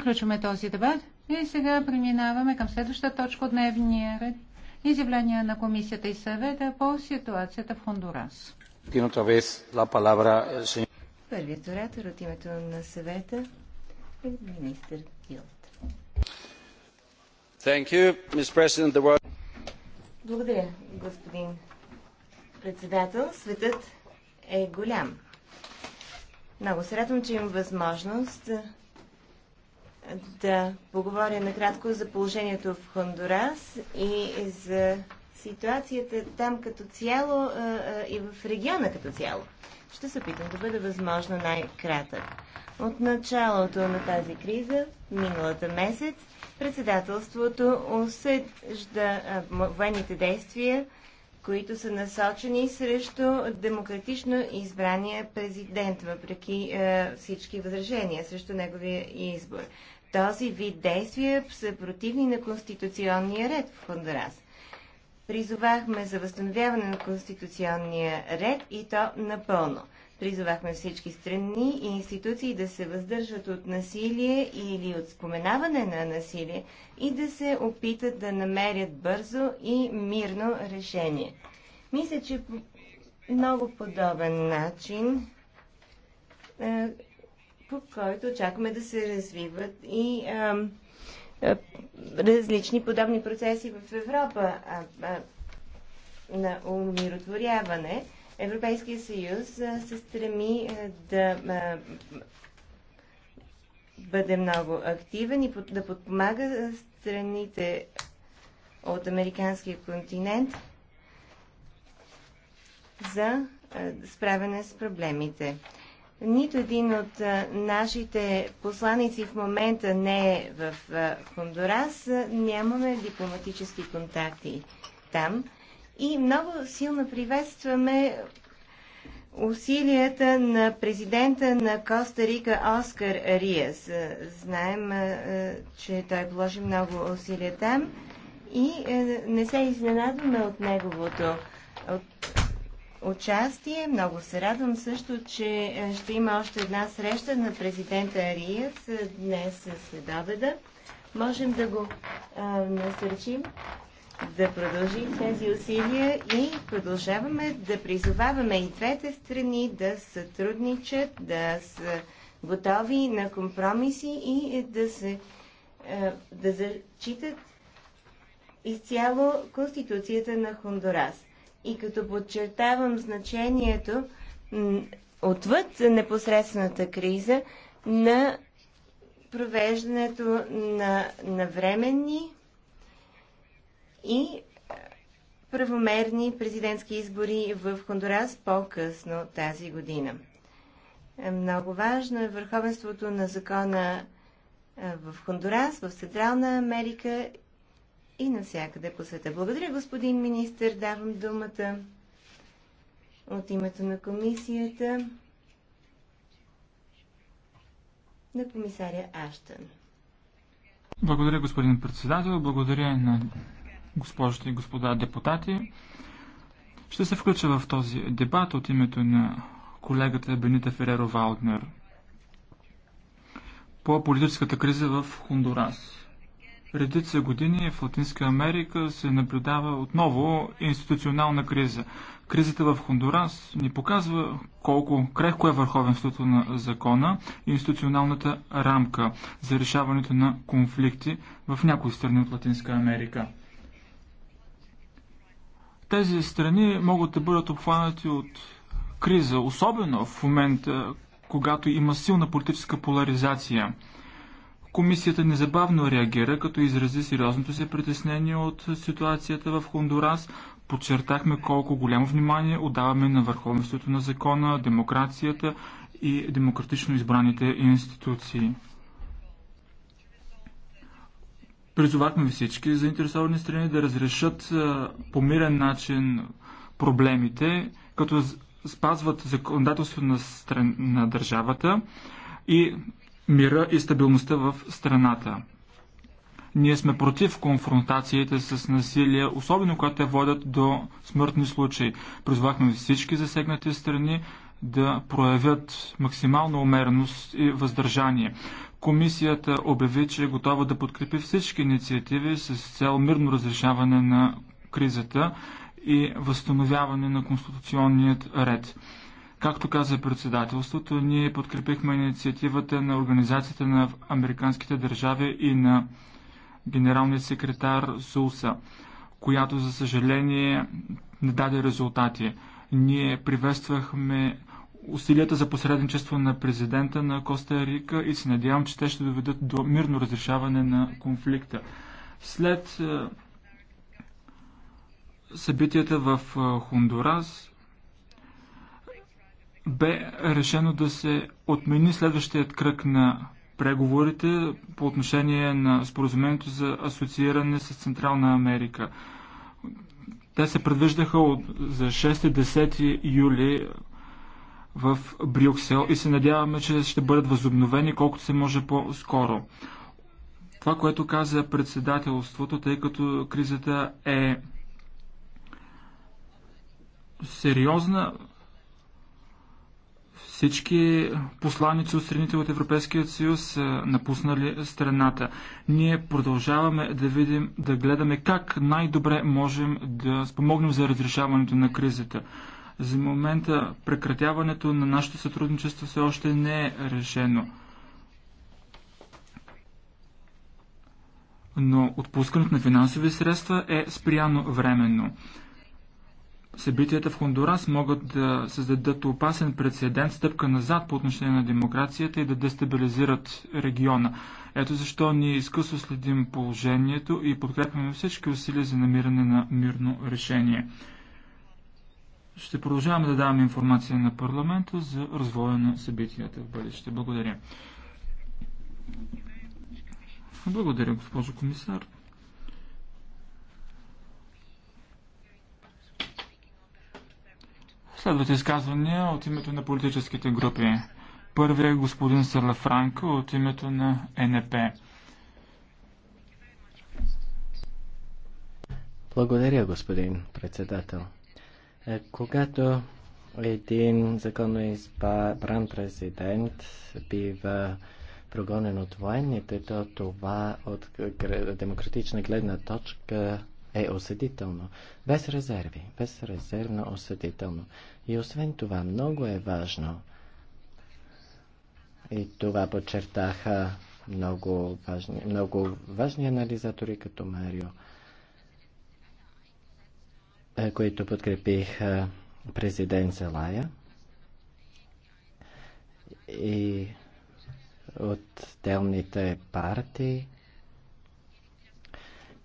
Приключваме този дебат и сега преминаваме към следващата точка от дневния ред. Изявление на комисията и съвета по ситуацията в Хондурас. Първият оратор от името на съвета е министър Гилт. Благодаря, господин председател. Светът е голям. Много се радвам, че имам възможност да поговоря накратко за положението в Хондурас и за ситуацията там като цяло и в региона като цяло. Ще се опитам да бъда възможно най-кратък. От началото на тази криза, миналата месец, председателството осъжда военните действия, които са насочени срещу демократично избрания президент, въпреки е, всички възражения срещу неговия избор този вид действия са противни на конституционния ред в Хондурас. Призовахме за възстановяване на конституционния ред и то напълно. Призовахме всички страни и институции да се въздържат от насилие или от споменаване на насилие и да се опитат да намерят бързо и мирно решение. Мисля, че по много подобен начин е, по който очакваме да се развиват и а, а, различни подобни процеси в Европа а, а, на умиротворяване. Европейския съюз а, се стреми а, да а, бъде много активен и да подпомага страните от американския континент за справяне с проблемите. Нито един от нашите посланици в момента не е в Хондурас. Нямаме дипломатически контакти там. И много силно приветстваме усилията на президента на Коста Рика Оскар Риас. Знаем, че той положи много усилия там и е, не се изненадваме от неговото, от участие. Много се радвам също, че е, ще има още една среща на президента Ариец е, днес след обеда. Можем да го а, е, насърчим да продължим тези усилия и продължаваме да призоваваме и двете страни да сътрудничат, да са готови на компромиси и да се да зачитат изцяло Конституцията на Хондурас и като подчертавам значението отвъд непосредствената криза на провеждането на временни и правомерни президентски избори в Хондурас по-късно тази година. Е, много важно е върховенството на закона в Хондурас, в Централна Америка и навсякъде по света. Благодаря, господин министр. Давам думата от името на комисията на комисаря Аштън. Благодаря, господин председател. Благодаря на госпожите и господа депутати. Ще се включа в този дебат от името на колегата Бенита Фереро Валднер по политическата криза в Хондурас редица години в Латинска Америка се наблюдава отново институционална криза. Кризата в Хондурас ни показва колко крехко е върховенството на закона и институционалната рамка за решаването на конфликти в някои страни от Латинска Америка. Тези страни могат да бъдат обхванати от криза, особено в момента, когато има силна политическа поляризация – Комисията незабавно реагира, като изрази сериозното си притеснение от ситуацията в Хондурас. Подчертахме колко голямо внимание отдаваме на върховенството на закона, демокрацията и демократично избраните институции. Призовахме всички заинтересовани страни да разрешат по мирен начин проблемите, като спазват законодателство на, стран... на държавата и мира и стабилността в страната. Ние сме против конфронтациите с насилие, особено когато те водят до смъртни случаи. Призвахме всички засегнати страни да проявят максимална умереност и въздържание. Комисията обяви, че е готова да подкрепи всички инициативи с цел мирно разрешаване на кризата и възстановяване на конституционният ред. Както каза председателството, ние подкрепихме инициативата на Организацията на Американските държави и на генералния секретар Сулса, която за съжаление не даде резултати. Ние приветствахме усилията за посредничество на президента на Коста Рика и се надявам, че те ще доведат до мирно разрешаване на конфликта. След е, събитията в е, Хондурас, бе решено да се отмени следващият кръг на преговорите по отношение на споразумението за асоцииране с Централна Америка. Те се предвиждаха от, за 6-10 юли в Брюксел и се надяваме, че ще бъдат възобновени колкото се може по-скоро. Това, което каза председателството, тъй като кризата е сериозна, всички посланици от страните от Европейския съюз са е, напуснали страната. Ние продължаваме да видим, да гледаме как най-добре можем да спомогнем за разрешаването на кризата. За момента прекратяването на нашето сътрудничество все още не е решено. Но отпускането на финансови средства е спряно временно. Събитията в Хондурас могат да създадат опасен прецедент, стъпка назад по отношение на демокрацията и да дестабилизират региона. Ето защо ние изкъсно следим положението и подкрепяме всички усилия за намиране на мирно решение. Ще продължаваме да даваме информация на парламента за развоя на събитията в бъдеще. Благодаря. Благодаря, госпожо комисар. Следват изказвания от името на политическите групи. Първият е господин Салафранко от името на НП. Благодаря, господин председател. Е, когато един законно избран президент бива прогонен от военните, то това от демократична гледна точка е осъдително. Без резерви. Безрезервно осъдително. И освен това, много е важно. И това подчертаха много важни, много важни анализатори, като Марио, е, които подкрепиха президент Зелая. И отделните партии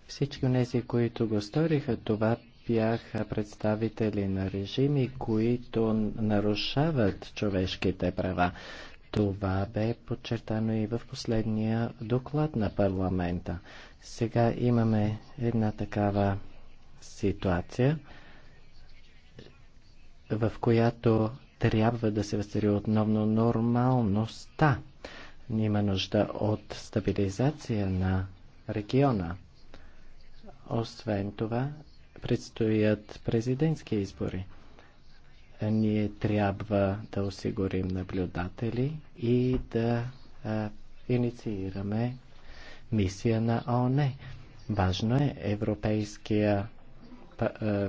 всички тези, които го сториха, това бяха представители на режими, които нарушават човешките права. Това бе подчертано и в последния доклад на парламента. Сега имаме една такава ситуация, в която трябва да се възстари отново нормалността. Има нужда от стабилизация на региона. Освен това, предстоят президентски избори. Ние трябва да осигурим наблюдатели и да а, инициираме мисия на ООН. Важно е Европейския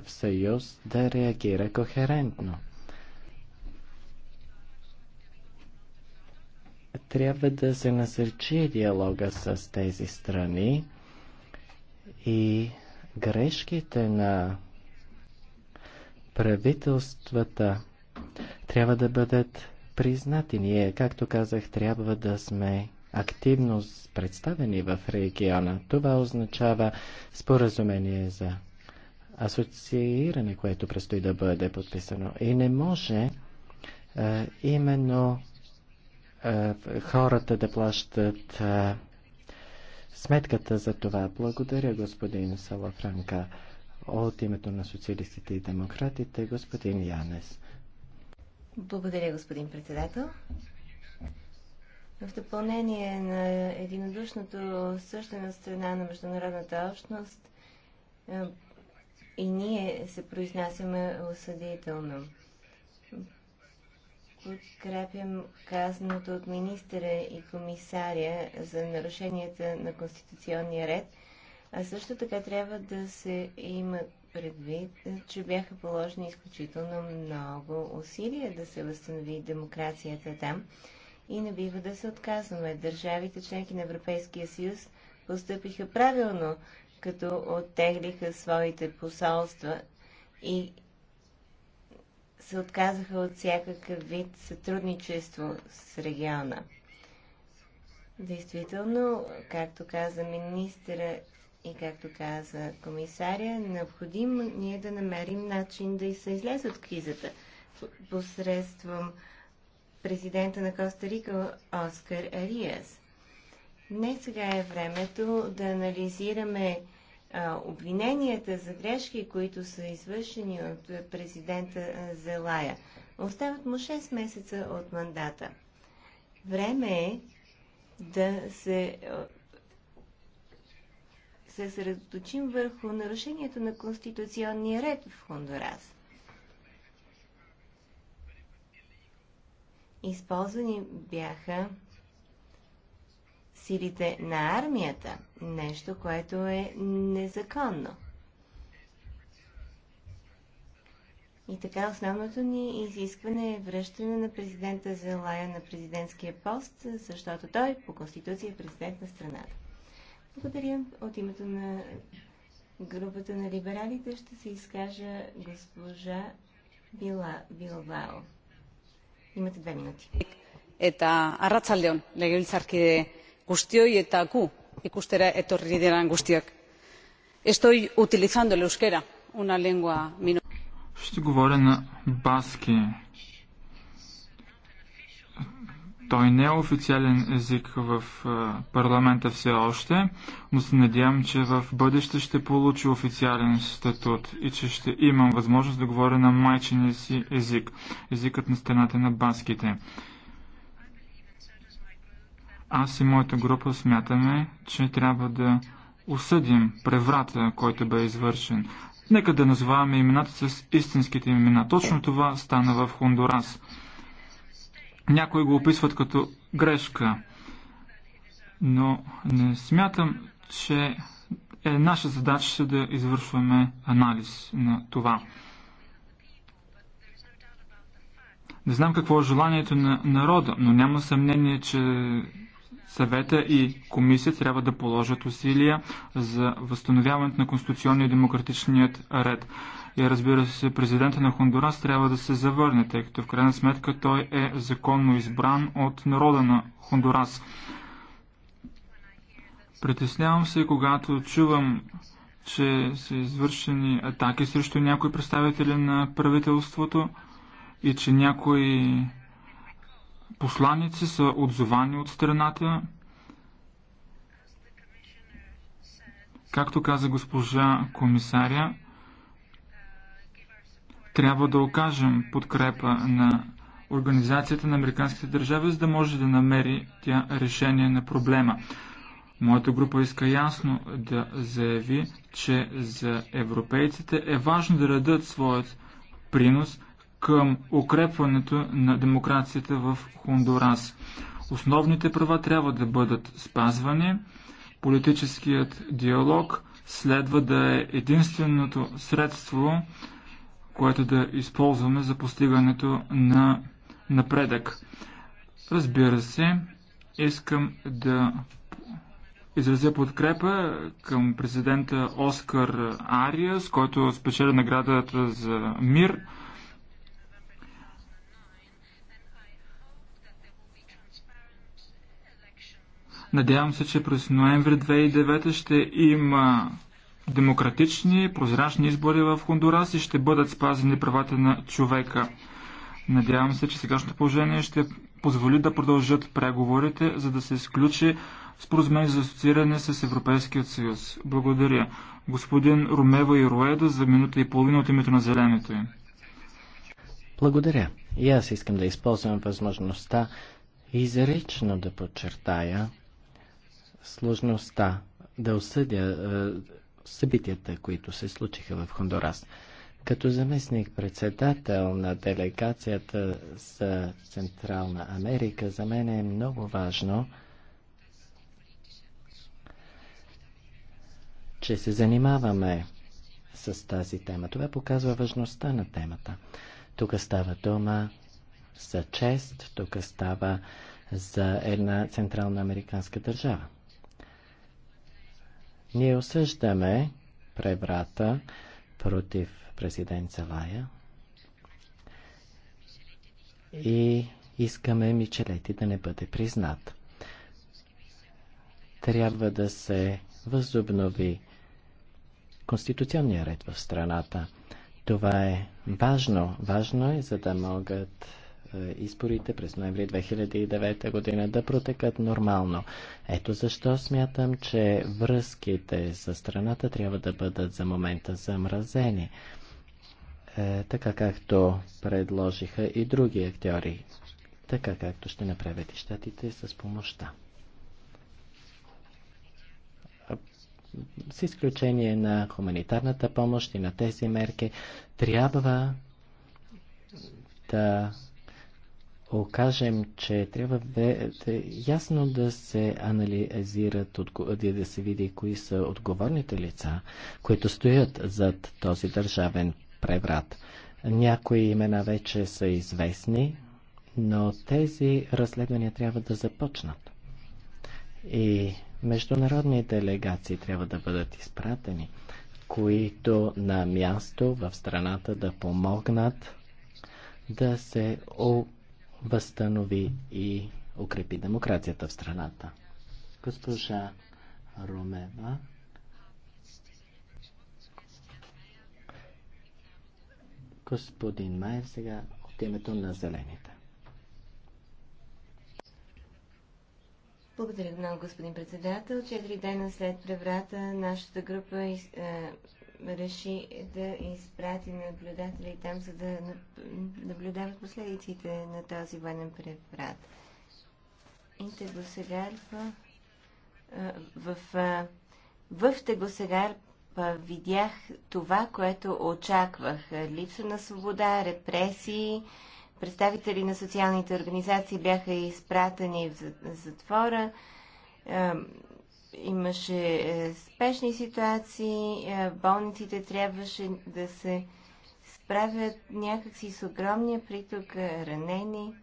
съюз да реагира кохерентно. Трябва да се насърчи диалога с тези страни и грешките на правителствата трябва да бъдат признати. Ние, както казах, трябва да сме активно представени в региона. Това означава споразумение за асоцииране, което предстои да бъде подписано. И не може е, именно е, хората да плащат е, сметката за това. Благодаря, господин Салафранка. От името на социалистите и демократите, господин Янес. Благодаря, господин председател. В допълнение на единодушното съждане на страна на международната общност е, и ние се произнасяме осъдително подкрепям казаното от министъра и комисаря за нарушенията на конституционния ред, а също така трябва да се има предвид, че бяха положени изключително много усилия да се възстанови демокрацията там и не бива да се отказваме. Държавите, членки на Европейския съюз, постъпиха правилно, като оттеглиха своите посолства и се отказаха от всякакъв вид сътрудничество с региона. Действително, както каза министъра и както каза комисаря, необходимо ние да намерим начин да се излезе от кризата посредством президента на Коста Рика Оскар Ариас. Не сега е времето да анализираме обвиненията за грешки, които са извършени от президента Зелая. Остават му 6 месеца от мандата. Време е да се съсредоточим върху нарушението на конституционния ред в Хондурас. Използвани бяха силите на армията. Нещо, което е незаконно. И така основното ни изискване е връщане на президента Зелая на президентския пост, защото той по конституция е президент на страната. Благодаря. От името на групата на либералите ще се изкажа госпожа Била, Билбао. Имате две минути. Eta arratzaldeon, legebiltzarkide guztioi eta gu ikustera etorri diren guztiak. Estoy utilizando el euskera, una lengua Ще говоря на баски. Той не е официален език в е, парламента все още, но се надявам, че в бъдеще ще получи официален статут и че ще имам възможност да говоря на майчиния си език, езикът на страната на баските. Аз и моята група смятаме, че трябва да осъдим преврата, който бе извършен. Нека да назваваме имената с истинските имена. Точно това стана в Хондурас. Някои го описват като грешка, но не смятам, че е наша задача да извършваме анализ на това. Не знам какво е желанието на народа, но няма съмнение, че Съвета и комисия трябва да положат усилия за възстановяването на конституционния и демократичният ред. И разбира се, президента на Хондурас трябва да се завърне, тъй като в крайна сметка той е законно избран от народа на Хондурас. Притеснявам се, когато чувам, че са извършени атаки срещу някои представители на правителството и че някои посланици са отзовани от страната. Както каза госпожа комисаря, трябва да окажем подкрепа на Организацията на Американските държави, за да може да намери тя решение на проблема. Моята група иска ясно да заяви, че за европейците е важно да дадат своят принос към укрепването на демокрацията в Хондурас. Основните права трябва да бъдат спазвани. Политическият диалог следва да е единственото средство, което да използваме за постигането на напредък. Разбира се, искам да изразя подкрепа към президента Оскар Ария, с който спечели наградата за мир Надявам се, че през ноември 2009 ще има демократични, прозрачни избори в Хондурас и ще бъдат спазени правата на човека. Надявам се, че сегашното положение ще позволи да продължат преговорите, за да се изключи споразумение за асоцииране с Европейския съюз. Благодаря. Господин Ромева и Роеда за минута и половина от името на зеленето им. Благодаря. И аз искам да използвам възможността изрично да подчертая сложността да осъдя е, събитията, които се случиха в Хондурас. Като заместник-председател на делегацията за Централна Америка, за мен е много важно, че се занимаваме с тази тема. Това показва важността на темата. Тук става дума за чест, тук става за една централна американска държава. Ние осъждаме преврата против президент Салая и искаме Мичелети да не бъде признат. Трябва да се възобнови конституционния ред в страната. Това е важно. Важно е, за да могат е, изборите през ноември 2009 година да протекат нормално. Ето защо смятам, че връзките с страната трябва да бъдат за момента замразени, е, така както предложиха и други актьори, така както ще направят и щатите с помощта. с изключение на хуманитарната помощ и на тези мерки, трябва да окажем, че трябва да, да, ясно да се анализират, да се види кои са отговорните лица, които стоят зад този държавен преврат. Някои имена вече са известни, но тези разследвания трябва да започнат. И международни делегации трябва да бъдат изпратени, които на място в страната да помогнат да се възстанови и укрепи демокрацията в страната. Госпожа Румева господин Майер сега от името на Зелените. Благодаря много, господин председател. Четири дена след преврата нашата група е, реши да изпрати наблюдатели там, за да наблюдават последиците на този военен преврат. И Тегосегарпа в, в, в Тегосегарпа видях това, което очаквах. Липса на свобода, репресии, представители на социалните организации бяха изпратени в затвора имаше е, спешни ситуации, е, болниците трябваше да се справят някакси с огромния приток е, ранени.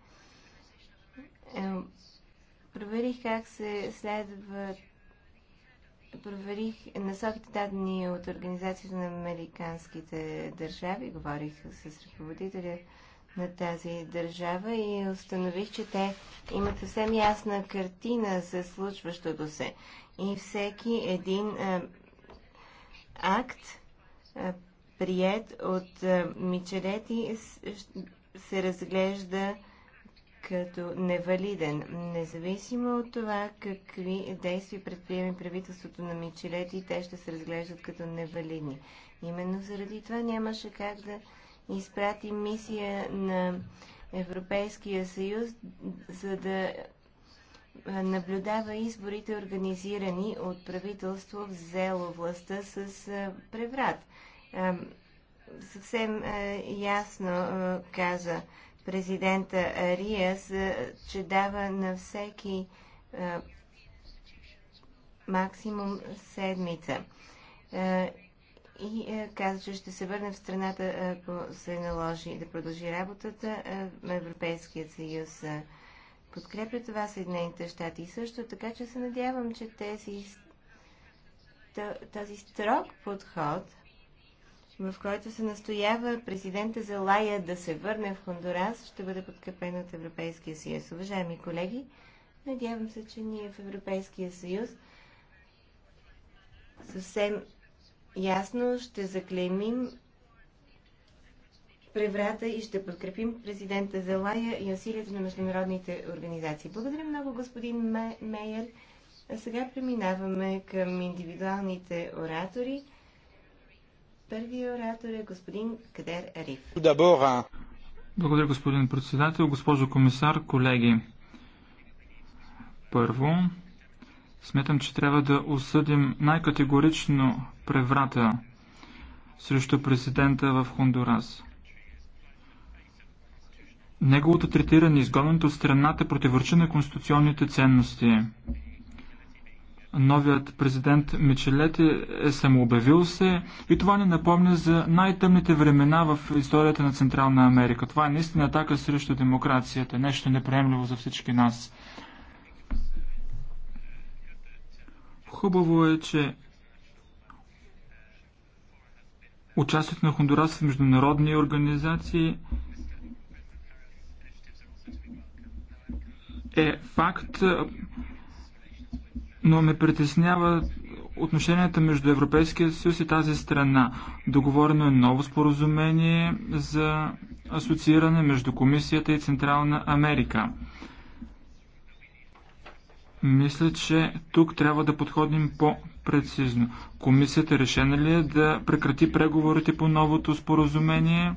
Проверих как се следват проверих насоките дадени от Организацията на американските държави, говорих с ръководителя на тази държава и установих, че те имат съвсем ясна картина за случващото се. И всеки един а, е, акт, а, е, прият от а, е, Мичелети, се разглежда като невалиден, независимо от това какви действия предприеме правителството на Мичелети, те ще се разглеждат като невалидни. Именно заради това нямаше как да изпрати мисия на Европейския съюз, за да наблюдава изборите, организирани от правителство, взело властта с преврат. Съвсем ясно каза президента Риас, че дава на всеки максимум седмица и е, каза, че ще се върне в страната, е, ако се наложи да продължи работата. Е, Европейският съюз подкрепя това Съединените щати и също, така че се надявам, че тези, този строг подход, в който се настоява президента Залая да се върне в Хондурас, ще бъде подкрепен от Европейския съюз. Уважаеми колеги, надявам се, че ние в Европейския съюз съвсем ясно ще заклеймим преврата и ще подкрепим президента Залая и усилията на международните организации. Благодаря много, господин Мейер. А сега преминаваме към индивидуалните оратори. Първият оратор е господин Кадер Ариф. Благодаря, господин председател, госпожо комисар, колеги. Първо, Смятам, че трябва да осъдим най-категорично преврата срещу президента в Хондурас. Неговото третиране, изгонването от страната, противоречи на конституционните ценности. Новият президент Мичелети е самообявил се и това ни напомня за най-тъмните времена в историята на Централна Америка. Това е наистина атака срещу демокрацията, нещо неприемливо за всички нас. Хубаво е, че участието на Хондурас в международни организации е факт, но ме притеснява отношенията между Европейския съюз и тази страна. Договорено е ново споразумение за асоцииране между Комисията и Централна Америка. Мисля, че тук трябва да подходим по-прецизно. Комисията решена ли е да прекрати преговорите по новото споразумение,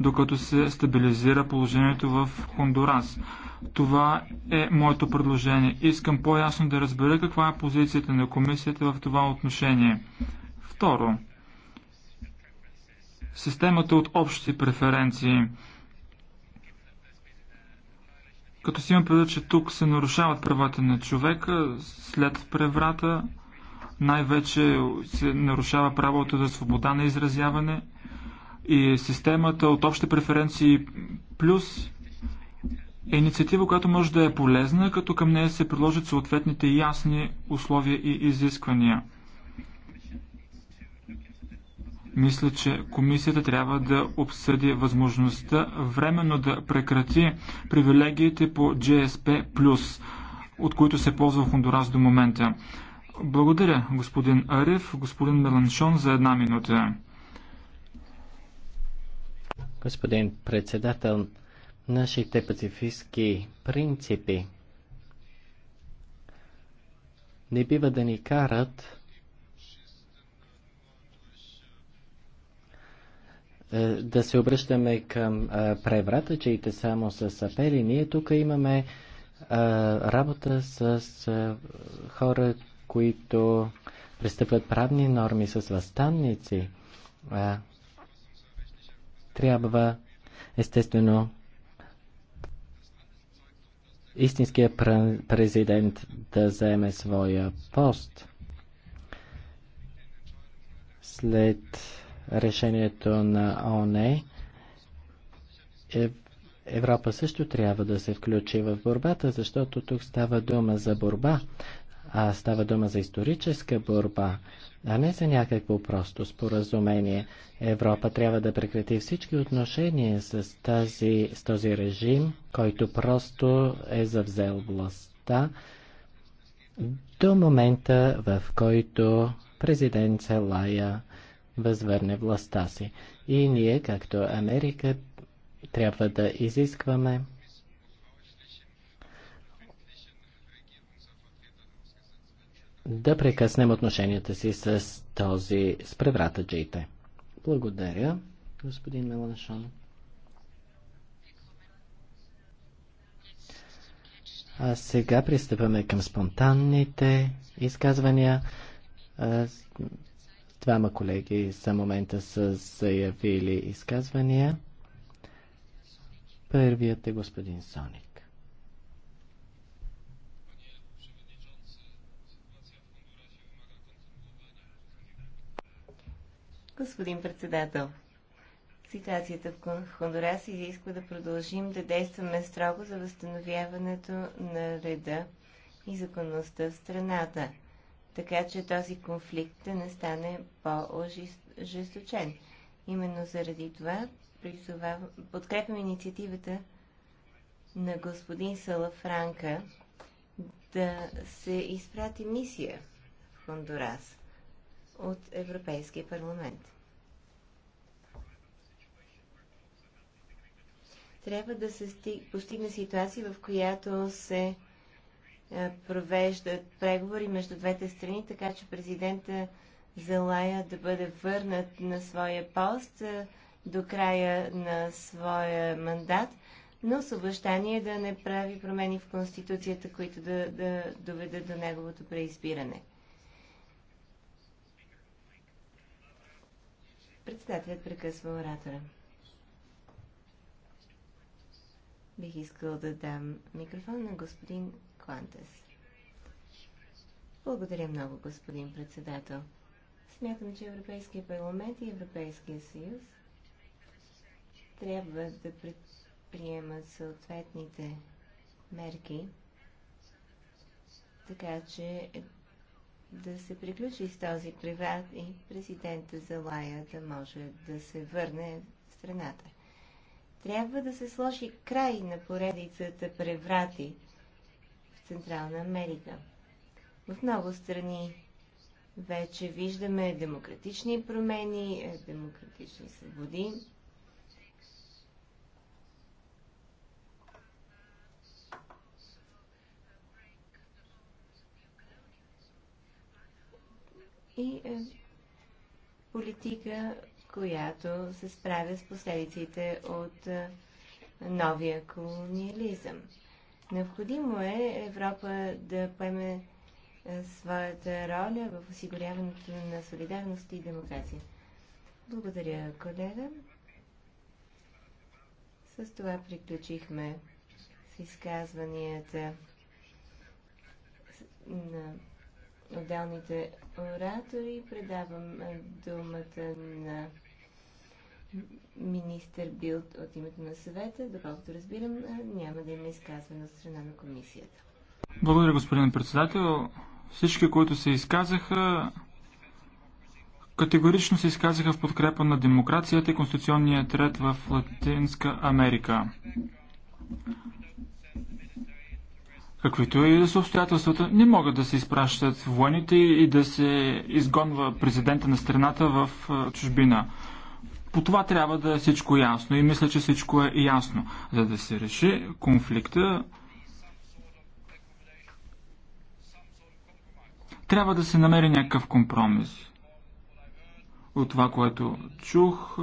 докато се стабилизира положението в Хондурас? Това е моето предложение. Искам по-ясно да разбера каква е позицията на комисията в това отношение. Второ, системата от общи преференции – като си има предвид, че тук се нарушават правата на човека, след преврата най-вече се нарушава правото за свобода на изразяване и системата от общи преференции плюс е инициатива, която може да е полезна, като към нея се приложат съответните ясни условия и изисквания – мисля, че комисията трябва да обсъди възможността временно да прекрати привилегиите по GSP+, от които се ползва Хондурас до момента. Благодаря, господин Ариф, господин Меланшон, за една минута. Господин председател, нашите пацифистски принципи не бива да ни карат Е, да се обръщаме към е, превратачите само с апели. Ние тук имаме е, работа с хора, които престъпват правни норми с възстанници. Трябва, естествено, истинския президент да заеме своя пост. След решението на ОНЕ, Европа също трябва да се включи в борбата, защото тук става дума за борба, а става дума за историческа борба, а не за някакво просто споразумение. Европа трябва да прекрати всички отношения с, тази, с този режим, който просто е завзел властта до момента, в който президент Целая възвърне властта си. И ние, както Америка, трябва да изискваме да прекъснем отношенията си с този с джейте. Благодаря, господин Меланшон. А сега пристъпваме към спонтанните изказвания. Двама колеги за момента са заявили изказвания. Първият е господин Соник. Господин председател, ситуацията в Хондурас изисква да продължим да действаме строго за възстановяването на реда и законността в страната така че този конфликт да не стане по-ожесточен. Именно заради това подкрепям инициативата на господин Салафранка да се изпрати мисия в Хондурас от Европейския парламент. Трябва да се постигне ситуация, в която се е, провеждат преговори между двете страни, така че президента желая да бъде върнат на своя пост е, до края на своя мандат, но с обещание да не прави промени в Конституцията, които да, да доведат до неговото преизбиране. Председателят прекъсва оратора. Бих искал да дам микрофон на господин Атлантес. Благодаря много, господин председател. Смятам, че Европейския парламент и Европейския съюз трябва да предприемат съответните мерки, така че да се приключи с този преврат и президента Залая да може да се върне в страната. Трябва да се сложи край на поредицата преврати, Централна Америка. В много страни вече виждаме демократични промени, е, демократични свободи. И е, политика, която се справя с последиците от е, новия колониализъм. Необходимо е Европа да поеме е, своята роля в осигуряването на солидарност и демокрация. Благодаря, колега. С това приключихме с изказванията на отделните оратори. Предавам е, думата на министър бил от името на съвета. Доколкото разбирам, няма да има изказване от страна на комисията. Благодаря, господин председател. Всички, които се изказаха, категорично се изказаха в подкрепа на демокрацията и конституционния ред в Латинска Америка. Каквито и да са обстоятелствата, не могат да се изпращат военните и да се изгонва президента на страната в чужбина. По това трябва да е всичко ясно и мисля, че всичко е ясно. За да се реши конфликта, трябва да се намери някакъв компромис. От това, което чух,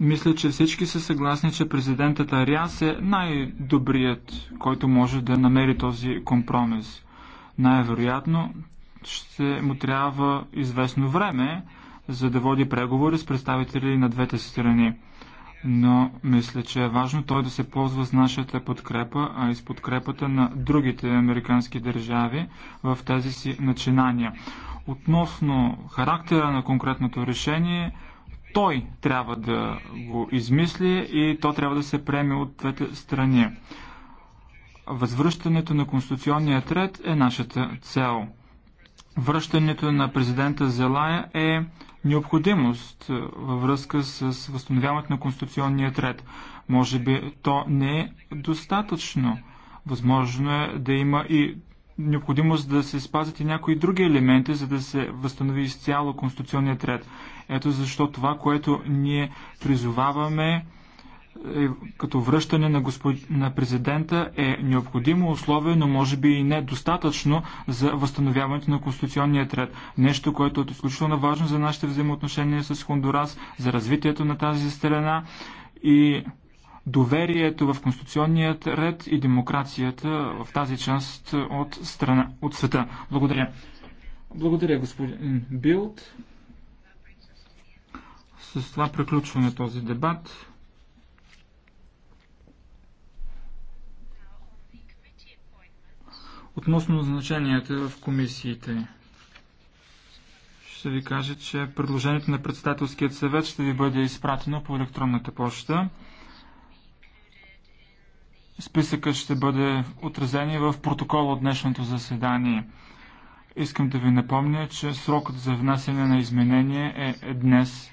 мисля, че всички са съгласни, че президентът Ариас е най-добрият, който може да намери този компромис. Най-вероятно ще му трябва известно време, за да води преговори с представители на двете страни. Но мисля, че е важно той да се ползва с нашата подкрепа, а и с подкрепата на другите американски държави в тези си начинания. Относно характера на конкретното решение, той трябва да го измисли и то трябва да се приеме от двете страни. Възвръщането на конституционния ред е нашата цел. Връщането на президента Зелая е необходимост е, във връзка с възстановяването на конституционния ред. Може би то не е достатъчно. Възможно е да има и необходимост да се спазят и някои други елементи, за да се възстанови изцяло конституционният ред. Ето защо това, което ние призоваваме е, като връщане на, господ... на президента е необходимо условие, но може би и недостатъчно за възстановяването на конституционния ред. Нещо, което е изключително важно за нашите взаимоотношения с Хондурас, за развитието на тази страна и доверието в конституционният ред и демокрацията в тази част от, страна, от света. Благодаря. Благодаря, господин Билд. С това приключваме този дебат. Относно назначенията в комисиите, ще ви кажа, че предложението на председателският съвет ще ви бъде изпратено по електронната почта. Списъкът ще бъде отразен в протокола от днешното заседание. Искам да ви напомня, че срокът за внасяне на изменение е днес